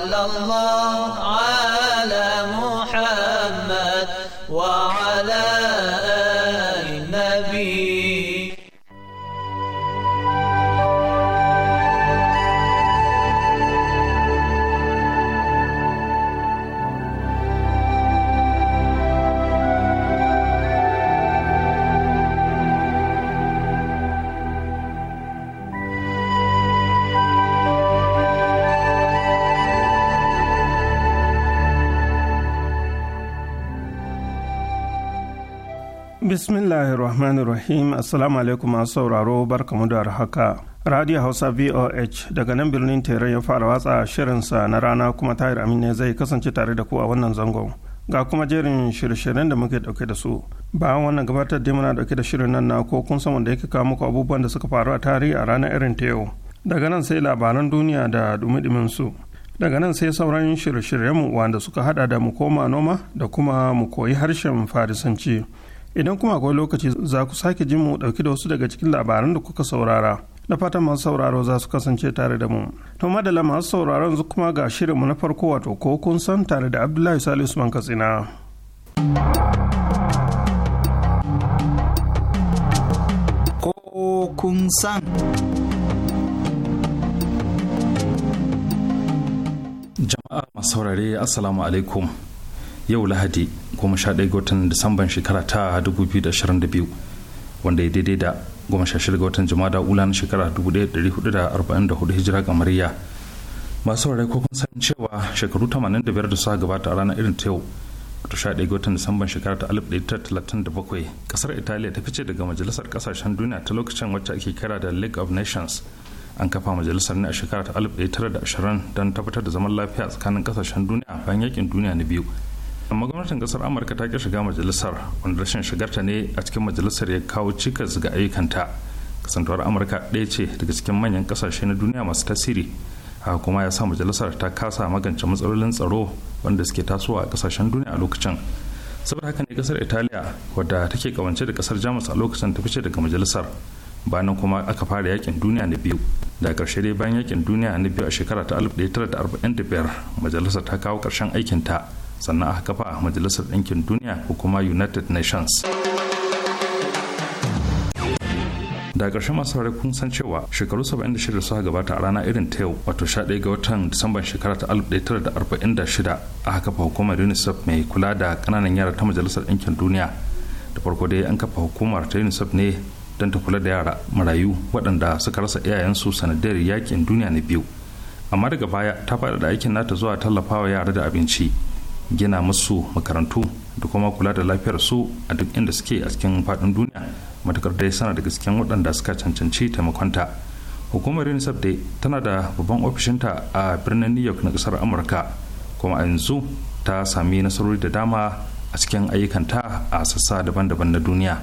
sallallahu bismillahir rahmanir rahim assalamu alaikum masu sauraro barkamu da haka radio hausa voh daga nan birnin teran ya fara watsa shirinsa na rana kuma tahir ne zai kasance tare da ku a wannan zangon ga kuma jerin shirye-shiryen da muke dauke da su bayan wannan gabatar da muna dauke da shirin nan na ko kun san wanda yake kawo muku abubuwan da suka faru a tarihi a ranar irin ta yau daga nan sai labaran duniya da dumi su daga nan sai sauran shirye shiryen mu wanda suka hada da mu koma noma da kuma mu koyi harshen farisanci idan kuma akwai lokaci za ku sake jin mu dauki da wasu daga cikin labaran da kuka saurara na fatan masu sauraro za su kasance tare da mu to madala masu sauraron yanzu kuma ga shirin mu na farko wato ko kun san tare da abdullahi salisu usman katsina ko kun san jama'a masu saurare assalamu alaikum yau lahadi 11 ga watan disamban shekara ta 2022 wanda ya daidai da 16 ga watan jama'a wula na shekara 1444 hijira ga mariya masu saurari ko kun san cewa shekaru 85 da suka gabata a ranar irin ta yau wato 11 ga watan disamban shekara ta 1937 kasar italiya ta fice daga majalisar kasashen duniya ta lokacin wacce ake kira da league of nations an kafa majalisar ne a shekara ta 1920 don tabbatar da zaman lafiya tsakanin kasashen duniya bayan yakin duniya na biyu amma gwamnatin kasar amurka ta ki shiga majalisar wanda rashin shigarta ne a cikin majalisar ya kawo cikas ga ayyukanta kasantuwar amurka ɗaya ce daga cikin manyan ƙasashe na duniya masu tasiri haka kuma ya sa majalisar ta kasa magance matsalolin tsaro wanda suke tasowa a kasashen duniya a lokacin saboda haka ne kasar italiya wadda take kawance da kasar jamus a lokacin ta fice daga majalisar bayan kuma aka fara yakin duniya na biyu da ƙarshe dai bayan yakin duniya na biyu a shekara ta 1945 majalisar ta kawo ƙarshen aikinta sannan aka kafa majalisar ɗinkin duniya ko kuma united nations da ƙarshen masu saurari kun san cewa shekaru 76 suka gabata a rana irin ta yau wato 11 ga watan disamban shekara ta 1946 aka kafa hukumar unicef mai kula da ƙananan yara ta majalisar ɗinkin duniya da farko dai an kafa hukumar ta unicef ne don ta kula da yara marayu waɗanda suka rasa iyayensu sanadiyar yakin duniya na biyu amma daga baya ta da aikin nata zuwa tallafawa yara da abinci gina musu makarantu da kuma kula da lafiyar su a duk inda suke a cikin faɗin duniya matukar dai sana da cikin waɗanda suka cancanci taimakonta hukumar unicef dai tana da babban ofishinta a birnin new york na ƙasar amurka kuma a yanzu ta sami nasarori da dama a cikin ayyukanta a sassa daban-daban na duniya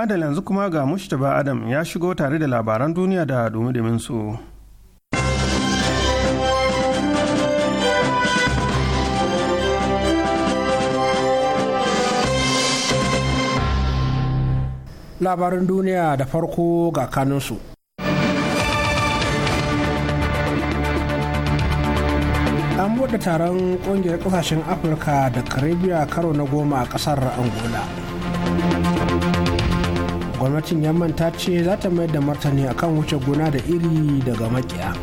madal yanzu kuma ga Mustapha Adam ya shigo tare da labaran duniya da dumi su. Labaran duniya da farko ga kanunsu. An buɗe taron ƙungiyar ƙasashen Afirka da Karibiya karo na goma a ƙasar Angola. gwamnatin yamman ta ce za ta mayar da martani akan wuce gona da iri daga makiya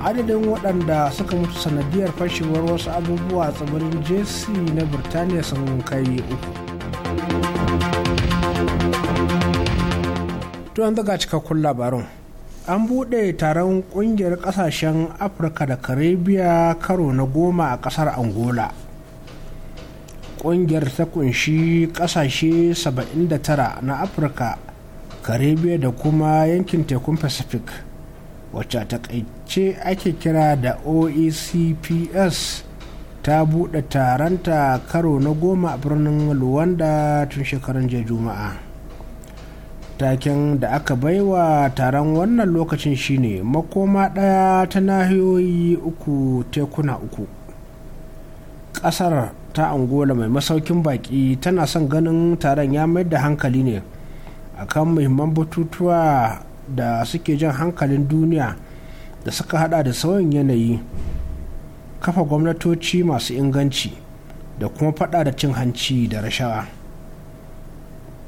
adadin waɗanda suka mutu sanadiyar fashewar wasu abubuwa tsibirin jc na birtaniya sun kai uku to an daga cikakkun labarin an buɗe taron ƙungiyar ƙasashen afirka da karibiya karo na goma a ƙasar angola Kungiyar ta kunshi ƙasashe 79 na afirka caribbean da kuma yankin tekun pacific wacce ta takaice ake kira da oecps ta buɗe taronta karo na goma a birnin luwanda tun shekarun jiya juma'a taken da aka baiwa taron wannan lokacin shine makoma ɗaya ta nahiyoyi uku tekuna uku ƙasar ta angola mai masaukin baki tana son ganin taron ya mayar da hankali ne akan muhimman batutuwa da suke jan hankalin duniya da suka hada da sauyin yanayi kafa gwamnatoci masu inganci da kuma fada da cin hanci da rashawa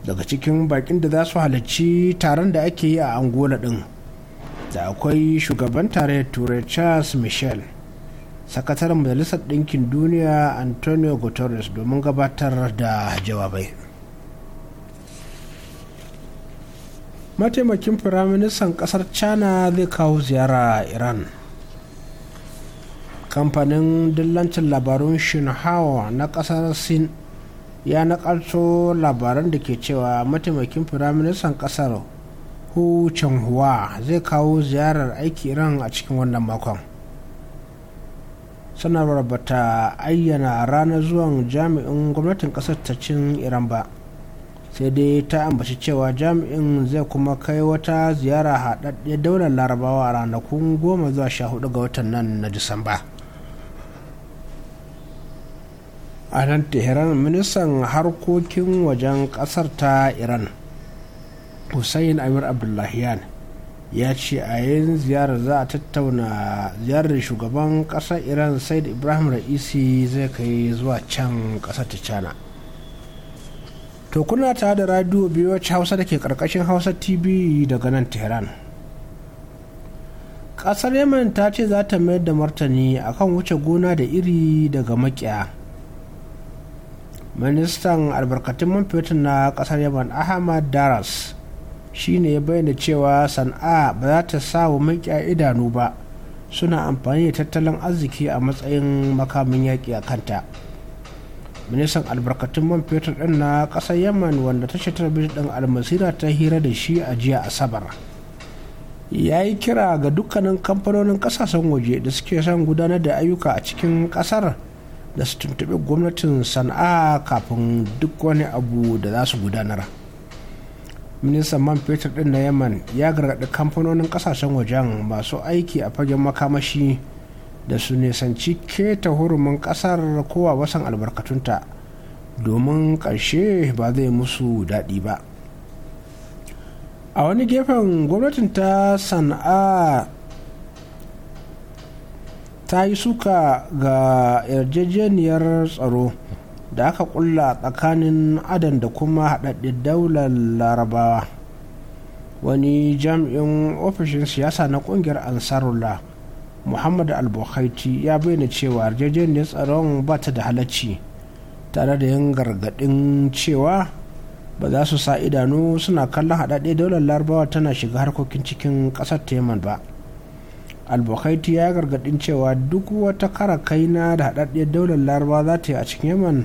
daga cikin bakin da za su halarci taron da ake yi a angola din da akwai shugaban tarayyar turai charles michel sakataren majalisar ɗinkin duniya antonio guterres domin gabatar da jawabai mataimakin firaministan ƙasar china zai kawo ziyara iran kamfanin dillancin labarun shinhawa na ƙasar sin ya naƙarto labaran da ke cewa mataimakin firaministan ƙasar hu chanhua zai kawo ziyarar aiki iran a cikin wannan makon sanarwar ba ta ayyana ranar zuwan jami'in gwamnatin kasar ta cin iran ba sai dai ta ambaci cewa jami'in zai kuma kai wata ziyara haɗaɗɗe daular larabawa a ranakun goma zuwa sha hudu ga watan nan na disamba a nan teheran ministan harkokin wajen ƙasar ta iran hussein amir abdullahiyan ya ce a yayin ziyarar za a tattauna ziyarar shugaban ƙasar iran said ibrahim ra'isi zai kai zuwa can ƙasar ta china to kuna ta da radio biyu wacce hausa da ke ƙarƙashin hausa tv daga nan tehran ƙasar yemen ta ce za ta mayar da martani akan wuce gona da iri daga makiya ministan albarkatun man fetur na ƙasar yemen ahmad daras shine ya bayyana cewa sana'a ba za ta sa wa idanu ba suna amfani da tattalin arziki a matsayin makamin yaƙi a kanta ministan albarkatun man fetur ɗin na ƙasar yaman wanda tashar talabijin ɗin almasira ta hira da shi a jiya asabar ya yi kira ga dukkanin kamfanonin ƙasashen waje da suke son gudanar da ayyuka a cikin ƙasar da su tuntuɓi gwamnatin sana'a kafin duk wani abu da za su gudanar. ministan man fetur din na yaman ya gargaɗi kamfanonin ƙasashen wajen masu aiki a fagen makamashi da su nisanci keta hurumin ƙasar kowa wasan albarkatunta domin ƙarshe ba zai musu daɗi ba a wani gefen gwamnatin ta sana'a ta yi suka ga yarjejeniyar tsaro da aka kulla tsakanin adan da kuma haɗaɗɗen daular larabawa wani jami'in ofishin siyasa na ƙungiyar ansarullah Muhammadu al ya bayyana cewa yarjejeniyar tsaron ba ta da halacci tare da yin gargaɗin cewa ba za su sa idanu suna kallon haɗaɗe daular larabawa tana shiga harkokin cikin ƙasar teman ba albuhaiti ya gargaɗin cewa duk wata kara kaina da haɗaɗɗen daular larabawa za ta yi a cikin yaman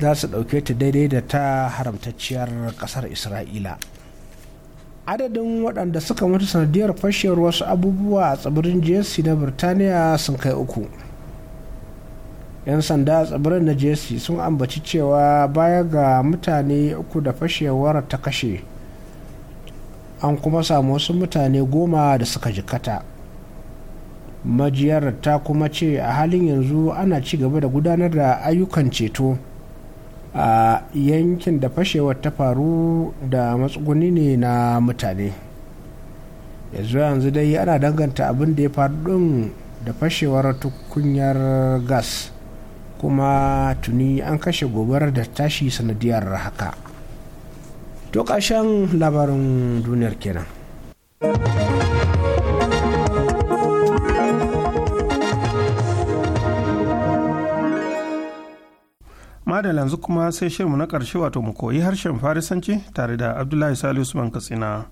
za su ɗauke ta daidai da ta haramtacciyar ƙasar isra'ila adadin waɗanda suka mutu sanadiyar fashewar wasu abubuwa a tsibirin Jesse na birtaniya sun kai uku 'yan sanda a tsibirin na Jesse sun ambaci cewa baya ga mutane uku da fashewar ta kashe an kuma samu wasu mutane goma da suka jikata majiyar ta kuma ce a halin yanzu ana ci gaba da gudanar da ayyukan ceto a yankin da fashewar ta faru da matsuguni ne na mutane yanzu yanzu dai ana danganta abin da ya faru ɗin da fashewar tukunyar gas kuma tuni an kashe gobarar da tashi sanadiyar haka to ƙashen labarin duniyar kenan. da yanzu kuma sai shirinmu na ƙarshe wato mu koyi harshen farisanci tare da abdullahi salisu usman katsina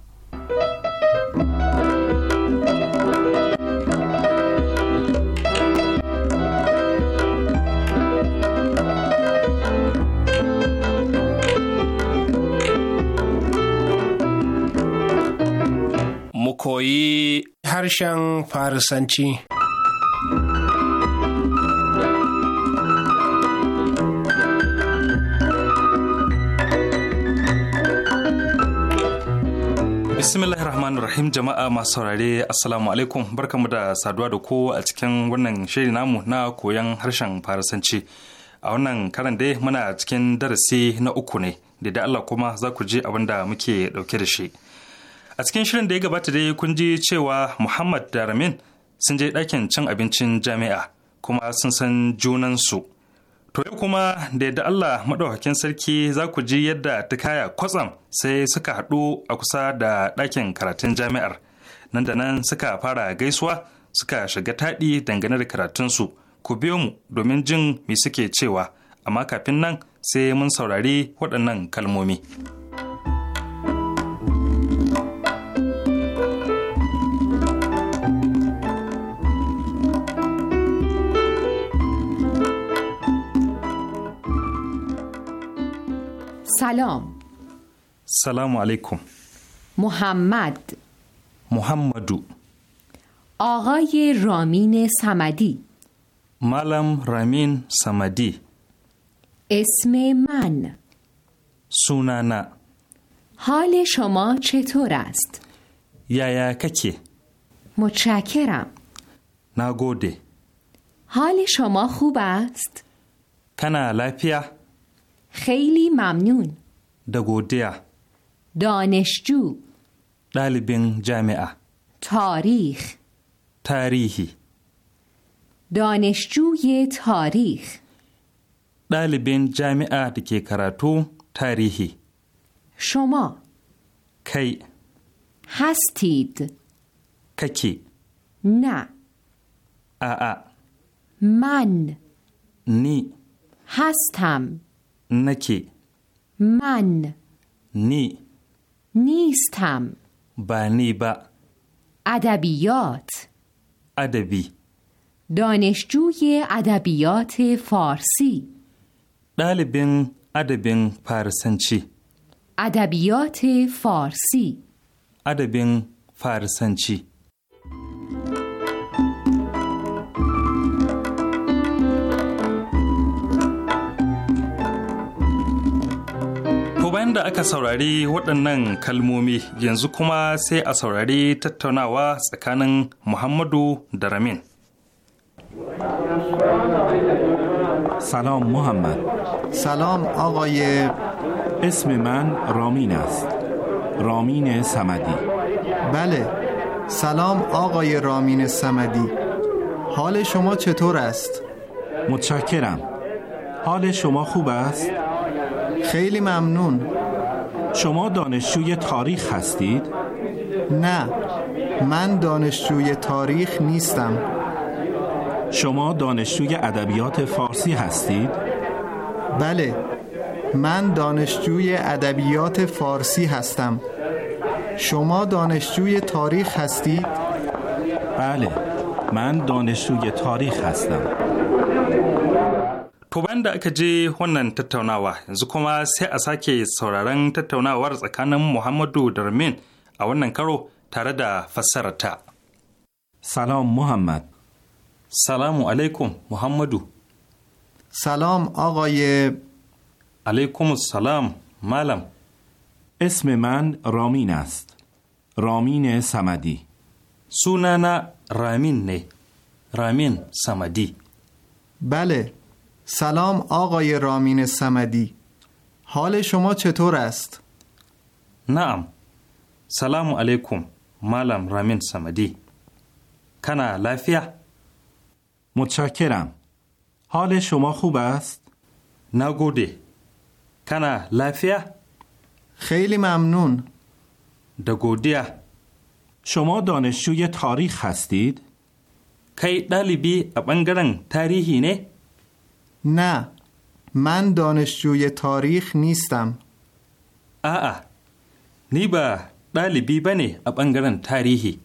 mu koyi harshen farisanci bismillahir rahmanir rahim jama'a masu saurare assalamu alaikum barkamu da saduwa da ko a cikin wannan shirin namu na koyon harshen farasanci a wannan karan dai muna cikin darasi na uku ne da da Allah kuma za ku ji abin da muke dauke da shi a cikin shirin da ya gabata dai kun ji cewa muhammad da ramin sun je ɗakin cin abincin jami'a kuma sun san junansu To yau kuma da yadda Allah maɗaukakin sarki za ku ji yadda ta kaya kwatsam sai suka haɗu a kusa da ɗakin karatun jami'ar. Nan da nan suka fara gaisuwa suka shiga taɗi dangane da karatunsu. Ku biyo mu domin jin me suke cewa, amma kafin nan sai mun saurari waɗannan kalmomi. سلام سلام علیکم محمد محمدو آقای رامین سمدی ملم رامین سمدی اسم من سونانا حال شما چطور است؟ یا ککی متشکرم نگوده حال شما خوب است؟ کنا لپیه خیلی ممنون دا دانشجو دالبین جامعه تاریخ تاریخی دانشجوی تاریخ دالبین جامعه دکی کراتو تاریخی شما کی هستید ککی نه آآ من نی هستم نکی من نی نیستم بانی با ادبیات ادبی دانشجوی ادبیات فارسی دالبین ادبین فارسنچی ادبیات فارسی ادبین فارسنچی Bayan da aka saurari waɗannan kalmomi yanzu kuma sai a saurari tattaunawa محمدو Muhammadu سلام محمد سلام آقای اسم من رامین است رامین سمدی بله سلام آقای رامین سمدی حال شما چطور است؟ متشکرم حال شما خوب است؟ خیلی ممنون شما دانشجوی تاریخ هستید؟ نه من دانشجوی تاریخ نیستم شما دانشجوی ادبیات فارسی هستید؟ بله من دانشجوی ادبیات فارسی هستم شما دانشجوی تاریخ هستید؟ بله من دانشجوی تاریخ هستم To bayan da aka je wannan tattaunawa yanzu kuma sai a sake sauraron tattaunawar tsakanin Muhammadu Darmin a wannan karo tare da fassararta. Salam Muhammad. Salamu alaikum Muhammadu. Salam agaye. Alaikum salam Malam. اسم من رامین است رامین سمدی سونانا رامین نه رامین سمدی بله سلام آقای رامین سمدی حال شما چطور است؟ نعم سلام علیکم مالم رامین سمدی کنا لافیه متشکرم حال شما خوب است؟ نگودی کنا لافیه خیلی ممنون دگودیه شما دانشجوی تاریخ هستید؟ کی دلیبی ابنگرن تاریخی نه؟ نه من دانشجوی تاریخ نیستم آه نی با بلی بی بنی اب تاریحی.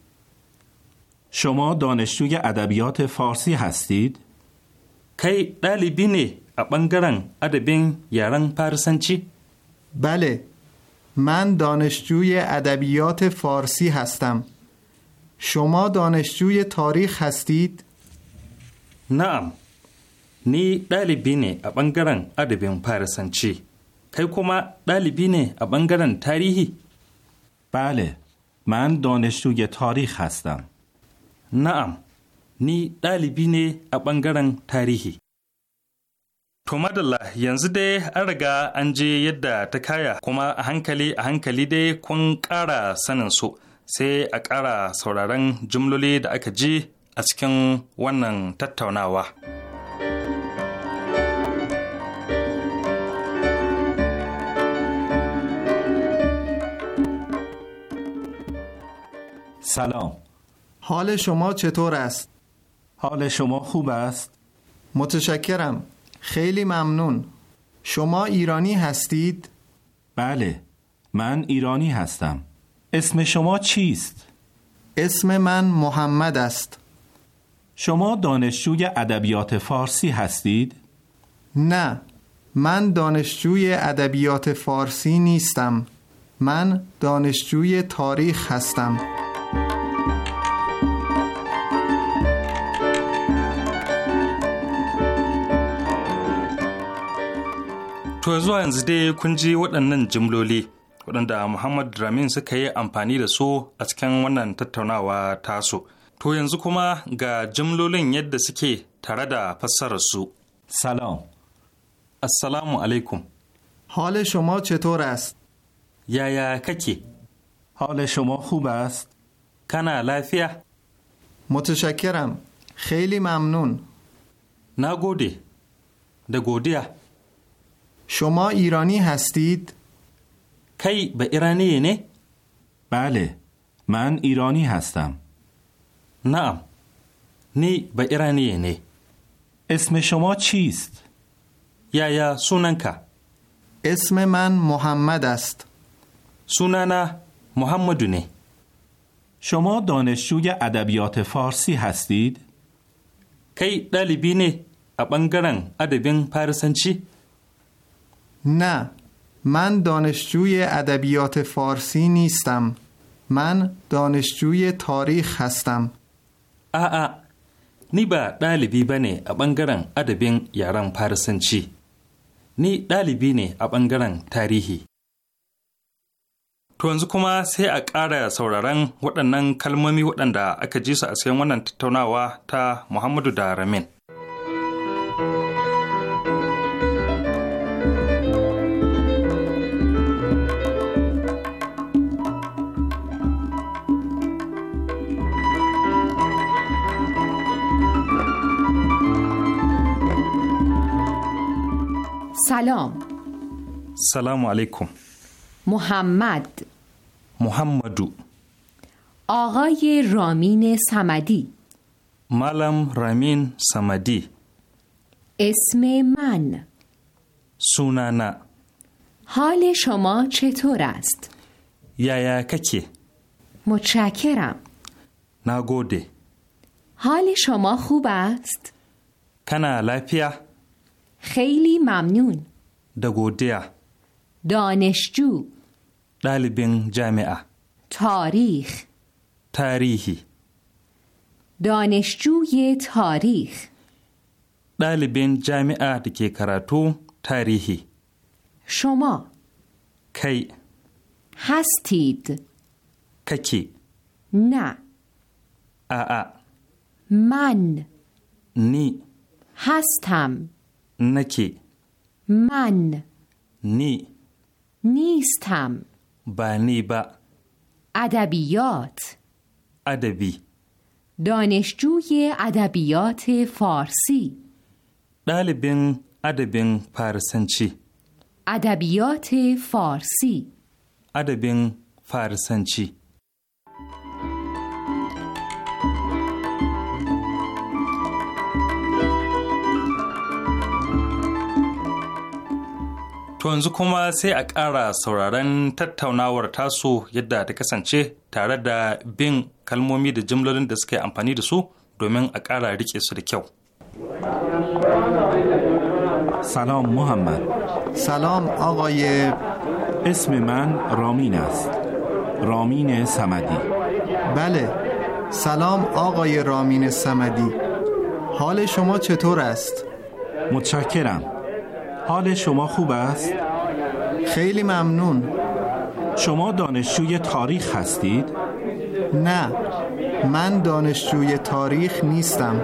شما دانشجوی ادبیات فارسی هستید؟ کی دلی بینی ا ادبین ادبین یارن چی؟ بله من دانشجوی ادبیات فارسی هستم شما دانشجوی تاریخ هستید؟ نعم Ni ɗalibi ne a ɓangaren adabin Farisanci, kai kuma ɗalibi ne a ɓangaren tarihi? Bale, man دانشجوی tarihi هستم. na'am ni ɗalibi ne a ɓangaren tarihi. To madalla yanzu dai an riga an je yadda ta kaya kuma a hankali a hankali dai kun ƙara sanin su sai a ƙara sauraron jimloli da aka ji a cikin wannan tattaunawa. سلام حال شما چطور است؟ حال شما خوب است؟ متشکرم خیلی ممنون شما ایرانی هستید؟ بله من ایرانی هستم اسم شما چیست؟ اسم من محمد است شما دانشجوی ادبیات فارسی هستید؟ نه من دانشجوی ادبیات فارسی نیستم من دانشجوی تاریخ هستم To zuwa yanzu dai kun ji waɗannan jimloli waɗanda Muhammad Dramin suka yi amfani da su a cikin wannan tattaunawa taso. To yanzu kuma ga jimlolin yadda suke tare da fassarar su. Salam. Assalamu alaikum. حال ce چطور Yaya kake? ککی shoma شما کنا لافیه متشکرم خیلی ممنون نگودی ده گودیه شما ایرانی هستید؟ کی به ایرانی نه؟ بله من ایرانی هستم نه. نی به ایرانی نه اسم شما چیست؟ یا یا سوننکا اسم من محمد است سونانا محمدونه شما دانشجوی ادبیات فارسی هستید؟ کی دلیبی نه ابنگرن ادبین پرسنچی؟ نه من دانشجوی ادبیات فارسی نیستم من دانشجوی تاریخ هستم آ نی با دلیبی بنه ابنگرن ادبین یاران پرسنچی نی دلیبی نه ابنگرن تاریخی To yanzu kuma sai a ƙara sauraron waɗannan kalmomi waɗanda aka ji su a cikin wannan tattaunawa ta Muhammadu da Ramin. سلام سلام علیکم محمد محمدو آقای رامین سمدی ملم رامین سمدی اسم من سونانا حال شما چطور است؟ یا ککی متشکرم نگوده حال شما خوب است؟ کنا لپیا خیلی ممنون دگودیا دانشجو دالبین جامعه تاریخ تاریخی دانشجوی تاریخ دالبین جامعه دکی کراتو تاریخی شما کی هستید کی نه ا من نی هستم نکی من نی نیستم با نی با ادبیات ادبی دانشجوی ادبیات فارسی دالبین بله ادبین فارسنچی ادبیات فارسی ادبین فارسنچی To yanzu kuma sai a ƙara sauraron tattaunawar tasu yadda ta kasance tare da bin kalmomi da jimlolin da suka yi amfani da su domin a ƙara riƙe su da kyau. سلام محمد سلام آقای اسم من رامین است رامین سمدی بله سلام آقای رامین سمدی حال شما چطور است؟ متشکرم حال شما خوب است؟ خیلی ممنون شما دانشجوی تاریخ هستید؟ نه من دانشجوی تاریخ نیستم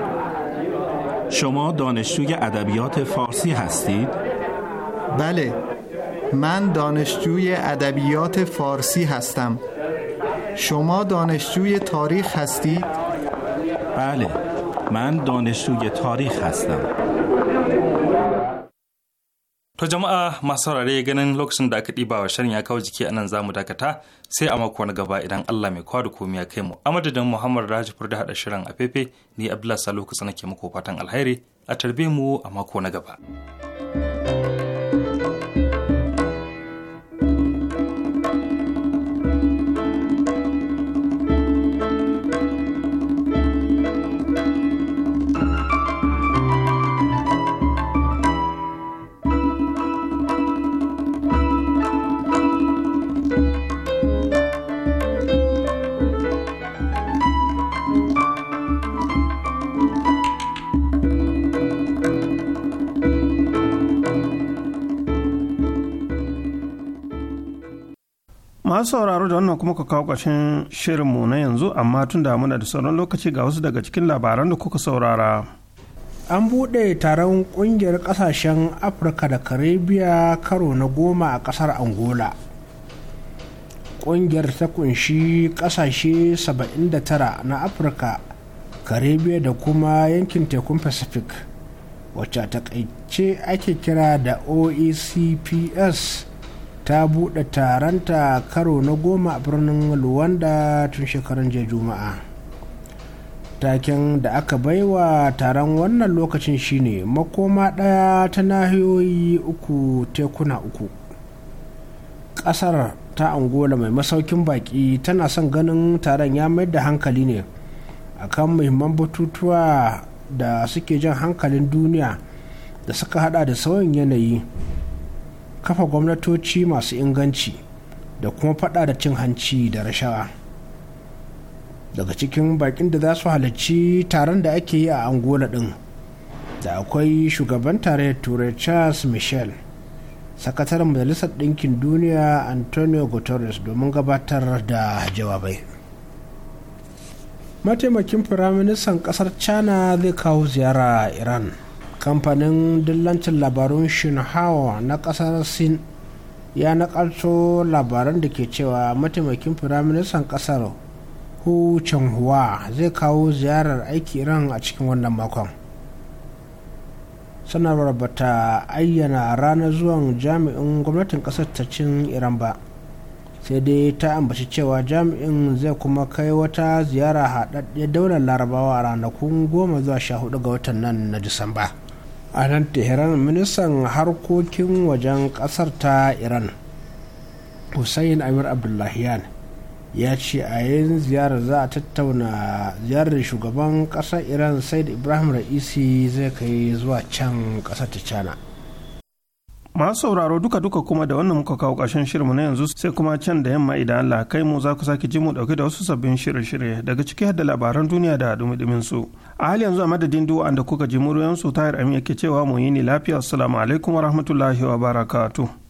شما دانشجوی ادبیات فارسی هستید؟ بله من دانشجوی ادبیات فارسی هستم شما دانشجوی تاریخ هستید؟ بله من دانشجوی تاریخ هستم To jama'a masu saurare ganin lokacin da aka ɗiba wa shirin ya kawo jiki anan zamu zamu dakata sai a mako na gaba idan Allah mai kwadu da komi ya kai mu. A madadin Muhammad Raji da haɗa shirin a fefe ni Abdullahi Salo kusa nake muku fatan alheri a tarbe mu a mako na gaba. thank you masu sauraro da wannan kuma ka kawo ƙarshen shirinmu na yanzu amma tun da muna da sauran lokaci ga wasu daga cikin labaran da kuka saurara an buɗe taron ƙungiyar ƙasashen afirka da karibiya karo na goma a ƙasar angola ƙungiyar ta kunshi ƙasashe 79 na afirka karibiya da kuma yankin tekun pacific wacce a takaice ake kira da oecps ta buɗe taronta karo na goma a birnin luwanda tun shekarun jiya juma'a taken da aka baiwa taron wannan lokacin shine makoma ɗaya ta nahiyoyi uku tekuna uku ƙasar ta angola mai masaukin baƙi tana son ganin taron ya mayar da hankali ne akan muhimman batutuwa da suke jan hankalin duniya da suka hada da sauyin yanayi kafa gwamnatoci masu inganci da kuma fada da cin hanci da rashawa daga cikin bakin da za su halarci taron da ake yi a angola din da akwai shugaban tarayyar turai charles michel sakataren majalisar ɗinkin duniya antonio guterres domin gabatar da jawabai mataimakin firaministan ƙasar china zai kawo ziyara iran kamfanin dillancin labarun shinhawa na kasar sin ya nakalto labaran da ke cewa mataimakin firaministan kasar hu huwa zai kawo ziyarar aiki iran a cikin wannan makon sanarwar ba ta ayyana ranar zuwan jami'in gwamnatin kasar ta cin iran ba sai dai ta ambaci cewa jami'in zai kuma kai wata ziyara haɗaɗɗe daular larabawa a ranakun goma zuwa sha ga watan nan na disamba a nan tehran ministan harkokin wajen kasar ta iran hussein amir abdullahian ya ce a yin ziyarar za a tattauna ziyarar shugaban kasar iran said ibrahim ra'isi zai kai zuwa can kasar ta china masu sauraro duka-duka kuma da wannan muka kawo ƙarshen shirinmu na yanzu sai kuma can da yamma idan Allah kai mu za ku sake ji mu dauke da wasu sabbin shirye-shirye daga ciki da labaran duniya da dumi su a hali yanzu a madadin duwa da kuka ji muryoyin su tayar amin yake cewa mu yi ni lafiya assalamu alaikum wa rahmatullahi wa barakatuh